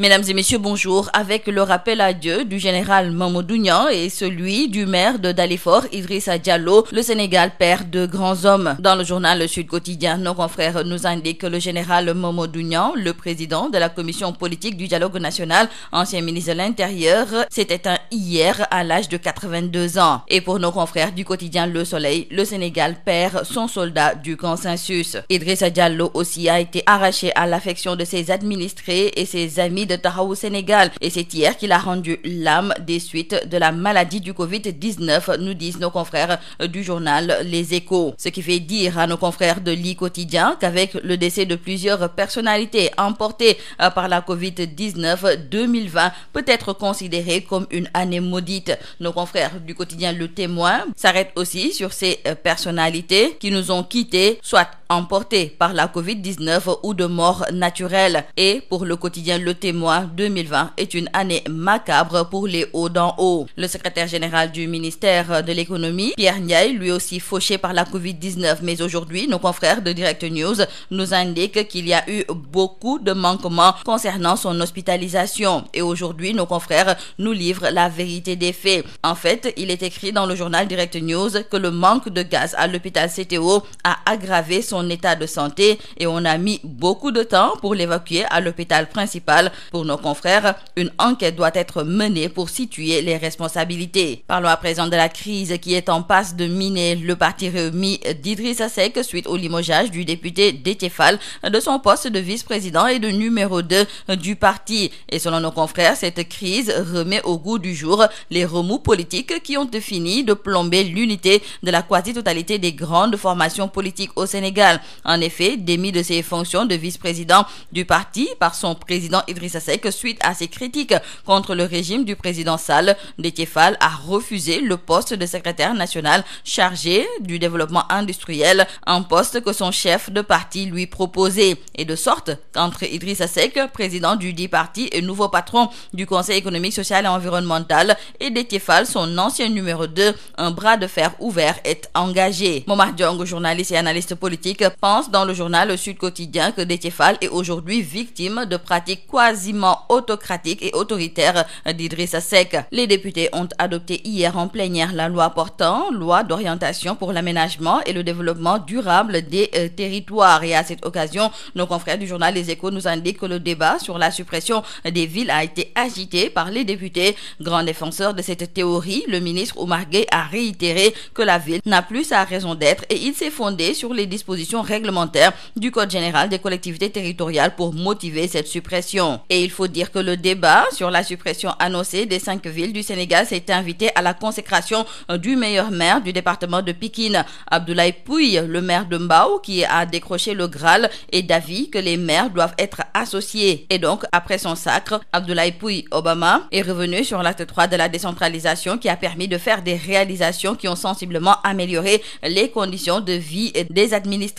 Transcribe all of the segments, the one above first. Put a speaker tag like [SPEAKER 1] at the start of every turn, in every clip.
[SPEAKER 1] Mesdames et messieurs, bonjour. Avec le rappel à du général Mamadou Niang et celui du maire de Dalifort, Idrissa Diallo, le Sénégal perd de grands hommes. Dans le journal Le Sud Quotidien, nos confrères nous indiquent que le général Mamadou le président de la commission politique du dialogue national, ancien ministre de l'Intérieur, s'est éteint hier à l'âge de 82 ans. Et pour nos confrères du quotidien Le Soleil, le Sénégal perd son soldat du consensus. Idrissa Diallo aussi a de ses administrés pays de Taxawu Sénégal et c'est hier qu'il a rendu l'âme des suites de la maladie du covid nous disent nos confrères du journal Les Échos. Ce qui fait dire à nos confrères de l'I Quotidien qu'avec le décès de plusieurs personnalités emportées euh, par la covid peut être considéré comme une année maudite. Nos confrères du quotidien Le Témoin s'arrêtent aussi sur ces personnalités qui nous ont quittés, soit emportés par la Covid-19 ou de morts naturelles. Et pour le quotidien Le Témoin, 2020 est une année macabre pour les hauts d'en haut. Le secrétaire général du ministère de l'économie, Pierre Niaye, lui aussi fauché par la Covid-19. Mais aujourd'hui, nos confrères de Direct News nous indiquent qu'il y a eu beaucoup de manquements concernant son hospitalisation. Et aujourd'hui, nos confrères nous livrent la vérité des faits. En fait, il est écrit dans le journal Direct News manque de gaz à l'hôpital son état de santé et on a mis beaucoup de temps pour l'évacuer à l'hôpital principal. Pour nos confrères, une enquête doit être menée pour situer les responsabilités. Parlons à présent de la crise qui est en passe de miner le parti Rewmi d'Idrissa Seck suite au limogeage du député Déthié de son poste de vice-président et de numéro du parti. Et selon nos confrères, cette crise remet au goût du jour les remous politiques qui ont fini de plomber l'unité Sénégal. En effet, démis de ses fonctions de vice-président du parti par son président Idrissa Seck suite à ses critiques contre le régime du président Sall, Déthié Fall a refusé le poste de secrétaire national chargé du développement industriel, un poste que son chef de parti lui proposait. Et de sorte qu'entre Idrissa Seck, président du dit parti et nouveau patron du Conseil économique, social et environnemental, et Déthié son ancien numéro un bras de fer ouvert économique pense dans le journal Sud Quotidien que Détiéfal est aujourd'hui victime de pratiques quasiment autocratiques et autoritaires d'Idrissa Seck. Les députés ont adopté hier en plénière la loi portant loi d'orientation pour l'aménagement et le développement durable des euh, territoires. Et à cette occasion, nos confrères du journal Les Échos nous indiquent que le débat sur la suppression des villes a été agité par les députés. Grand défenseur de cette théorie, a réitéré dispositions réglementaires du Code général des collectivités territoriales pour motiver cette suppression. Et il faut dire que le débat sur la suppression annoncée des cinq villes du Sénégal s'est invité à la consécration euh, du meilleur maire du département de Pikine. Abdoulaye le maire de qui a décroché le Graal, est d'avis que les maires doivent être associés. Et donc, après son sacre, Abdoulaye Obama est revenu sur l'acte de la décentralisation qui a permis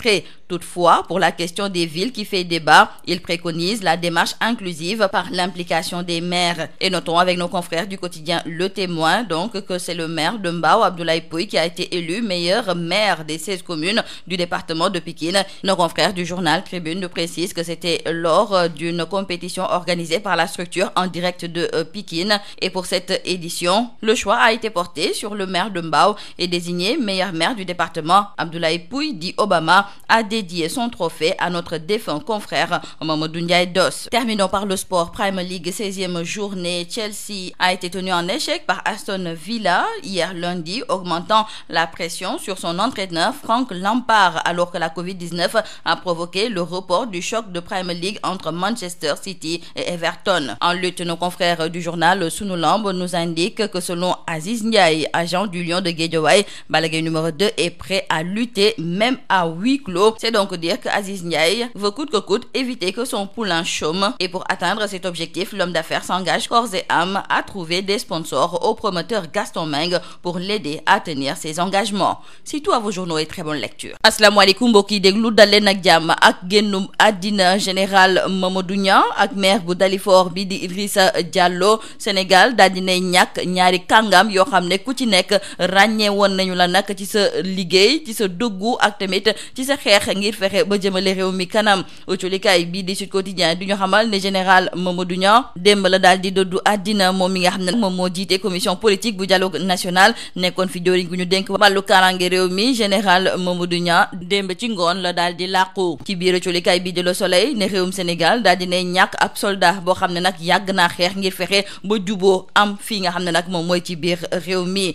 [SPEAKER 1] sinistrés. Toutefois, pour la question des villes qui fait débat, il préconise la démarche inclusive par l'implication des maires. Et notons avec nos confrères du quotidien Le Témoin donc que c'est le maire de Mbao Abdoulaye Pouy qui a été élu meilleur maire des 16 communes du département de Pikine. Nos confrères du journal Tribune nous précisent que c'était lors d'une compétition organisée par la structure en direct de euh, Pikine et pour cette édition, le choix a de Mbao Diarra a dédié son trophée à notre défunt confrère Mamadou Ndiaye Dos. Terminons par le sport Prime League 16 journée. Chelsea a été tenu en échec par Aston Villa hier lundi, augmentant la pression sur son entraîneur Frank Lampard alors que la Covid-19 a provoqué le report du choc de Prime League entre Manchester City et Everton. En lutte, nos confrères du journal Sunulamb nous indiquent que selon Aziz agent du Lion de Guédiawaye, Balaguer numéro est prêt huis clos. C'est donc dire que Aziz Ndiaye veut coûte que coûte éviter que son poulain chôme et pour atteindre cet objectif, l'homme d'affaires s'engage corps et âme à trouver des sponsors au promoteur Gaston Meng pour l'aider à tenir ses engagements. C'est tout à vos journaux et très bonne lecture. asalaamaaleykum mbokk yi déglu daleen ak jàmm ak génnum àddina général Mamadou ak maire bu Dalifort bi di Idrissa Sénégal daal dinay ñàkk ñaari kàngam yoo ne ku sa xeex ngir fexe ba jëmale réew mi kanam autolikaay bii di Sud Quotidien du ñu xamal ne général Mamadou Niang démb la daal di doddu àddina moom mi nga xam ne moom moo jiite commission politique bu dialogue national nekkoon fi joriñ gu ñu dénk wàllu karange réew mi général Mamadou Niang démb ci ngoon la daal di làqu ci biir autolikaay bii di Le Soleil ne réewum Sénégal daal di ne ñàkk ab soldat boo xam ne nag yàgg naa xeex ngir fexe ba juboo am fii nga xam ne nag moom mooy ci biir réew mi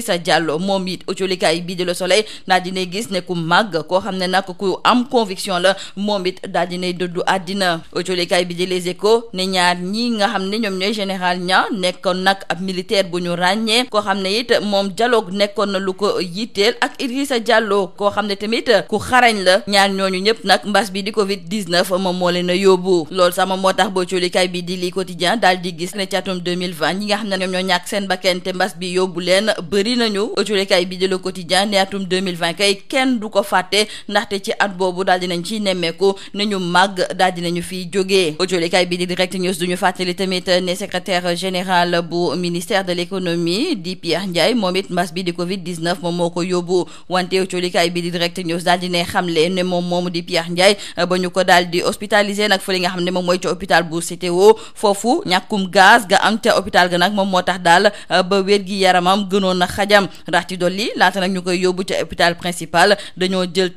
[SPEAKER 1] sa Diallo moom it autolikaay bii di Le Soleil daal di ne gis ne màgg ko xam ne nag ku am conviction la moom it daal dinay dëddu àddina autolikaay bi di les échos ne ñaar ñi nga xam ne ñoom ñooy général ña nekkoon nag ab militaire bu ñu ràññee koo xam ne moom dialogue nekkoon na lu ko yitteel ak Idrissa Diallo koo xam ne tamit ku xarañ la ñaar ñooñu ñëpp nag mbas bi di covid 19 moom moo leen a yóbbu loolu sama moo tax boo coolikaay bi di li quotidien daal di gis ne càttum 2020 ñi nga xam ne ñoom ñoo ñàkk seen bakkan te mbas bi yóbbu leen bëri nañu coolikaay bi di le quotidien ne atum 2020 kay kenn du ko fàtte ndaxte ci at boobu daal dinañ ci nemmeeku ne ñu màgg daal dinañu fiy jógee audiolikaay bii di direct news du ñu fàttali tamit ne secrétaire général bu ministère de l'économie di Pierre Ndiaye moom it mbas bi di covid 19 moom moo ko yóbbu wante audiolikaay bi di direct news daal dina xamle ne moom moom di Pierre Ndiaye ba ñu ko daal di hospitalisé nag fa li nga xam ne moom mooy ca hôpital bu CTO foofu ñàkkum gaz ga am ca hôpital ga nag moom moo tax daal ba wér gi yaramam gënoon na xajam ndax dool dolli laata nag ñu koy yóbbu ca hôpital principal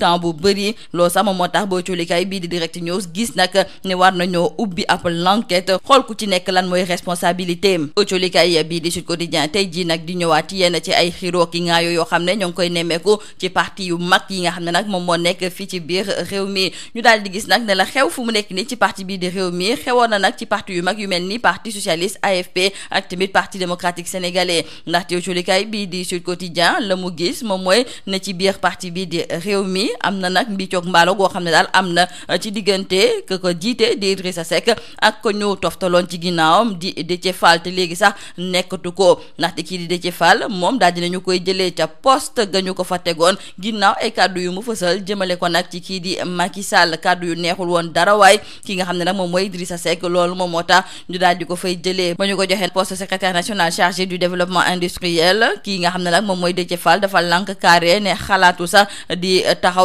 [SPEAKER 1] temps bu bëri loolu sax moom moo tax ba coolikaay bii di direct news gis nag ne war nañoo ubbi ab l'enquête xool ku ci nekk lan mooy responsabilité am coolikaay bii di Sud Quotidien tey jii nag di ñëwaat yenn ci ay xiroo ki ngaayo yoo xam ne ñoo ngi koy nemmeeku ci parti yu mag yi nga xam ne nag moom moo nekk fii ci biir réew mi ñu daal di gis nag ne la xew fu mu nekk nii ci parti bii di réew mi xewoon na nag ci parti yu mag yu mel ni parti socialiste AFP ak tamit parti démocratique sénégalais ndaxte coolikaay bii di Sud Quotidien la mu gis moom mooy ne ci biir parti bii di réew am na nag mbicoog mbaalo goo xam ne daal am na ci diggante que ko jiite di Idrissa Seck ak ko ñu toftaloon ci ginnaawam di Déthié Fall te léegi sax nekkatu ko ndaxte kii di Déthié Fall moom daal dinañu koy jëlee ca poste ga ñu ko fa tegoon ginnaaw ay yu mu fësal jëmale ko nag kii di Macky Sall kàddu yu neexul woon dara waay ki nga xam ne nag moom mooy Idrissa Seck loolu moom moo tax ñu daal di ko fay jëlee ba ñu ko joxee poste secrétaire national chargé du développement industriel kii nga xam ne nag moom mooy Déthié Fall dafa lànk carré ne xalaatu sax di taxaw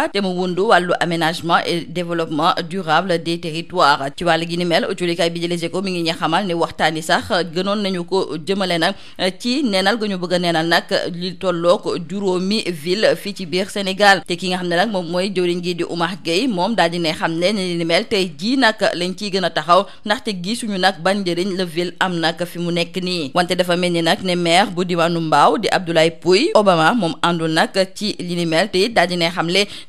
[SPEAKER 1] Touba te mu wundu wàllu aménagement et développement durable des territoires ci wàll gi ni mel julikaay bi di Les Échos mi ngi ñu xamal ne waxtaan yi sax gënoon nañu ko jëmale nag ci neenal ga ñu bëgg a neenal nag li tolloog juróomi ville fii ci biir Sénégal te ki nga xam ne nag moom mooy jëwriñ gi di Oumar Gueye moom daal di ne xam ne ni ni mel tey jii nag lañ ciy gën a taxaw ndaxte gisuñu nag ban njëriñ la ville am nag fi mu nekk nii wante dafa mel ni nag ne maire bu diwaanu di Abdoulaye Pouye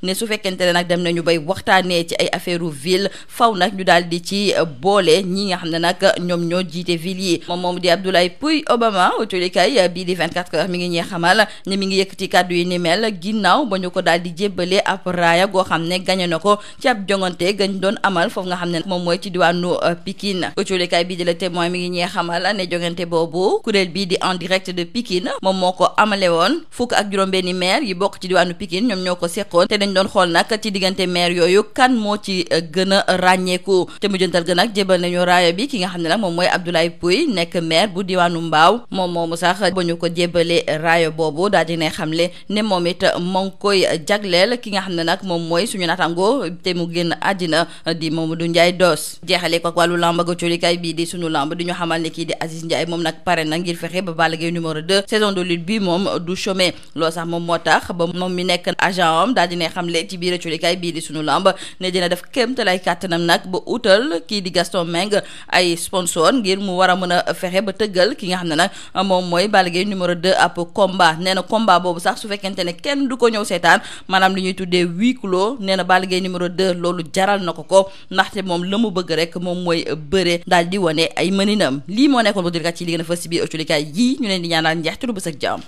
[SPEAKER 1] ne su fekkente ne nag dem nañu bay waxtaanee ci ay affaire ville faw nag ñu daal di ci euh, boole ñi nga xam ne nag ñoom ñoo jiite ville yi moom moom di Abdoulaye Pouy Obama autolikay bii di 24 heures mi ngi ñee xamal ne mi ngi yëkkati kàddu yi ni mel ginnaaw ba ñu ko daal di jébbalee ab raaya xam ne gañe na ko ci ab jongante gañ doon amal foofu nga xam ne moom mooy ci diwaanu euh, Pikine autolikay bii di la témoin mi ngi ñee xamal ne jongante boobu kuréel bii di en direct de Pikine moom moo ko amale woon fukk ak juróom-benni maire yi bokk ci diwaanu Pikine ñoom ñoo ko seqoon te dañ doon xool nag ci diggante maire yooyu kan moo ci eh, gën a ràññeeku te mujjantal ga nag jébal nañu raaya bi ki nga xam ne nag moom mooy Abdoulaye Pouy nekk maire bu diwaanu Mbaaw moom moomu sax ba ñu ko jébalee raayo boobu daal di ne xamle ne moom it moo ngi koy jagleel ki nga xam ne nag moom mooy suñu nataangoo te mu génn àddina di moom du Ndiaye Doss jeexalee ko ak wàllu lamba ga colikaay bii di suñu lamb di ñu xamal ne kii di Aziz Ndiaye moom nag pare na ngir fexe ba Balla Gaye numéro 2 saison de lutte bi moom du chômer loolu sax tax xamle ci biir culikaay bii di sunu lamb ne dina def kéem te lay kàttanam nag ba utal kii di Gaston Meng ay sponsor ngir mu war a mën a fexe ba tëggal ki nga xam ne nag moom mooy Balla Gaye numéro 2 ab combat nee na combat boobu sax su fekkente ne kenn du ko ñëw seetaan maanaam li ñuy tuddee huis clos nee na Balla Gaye numéro 2 loolu jaral na ko ko ndaxte moom la mu bëgg rek moom mooy bëre daal di wane ay mëninam lii moo nekkoon bu dirkat ci li a fës si biir culikaay yii ñu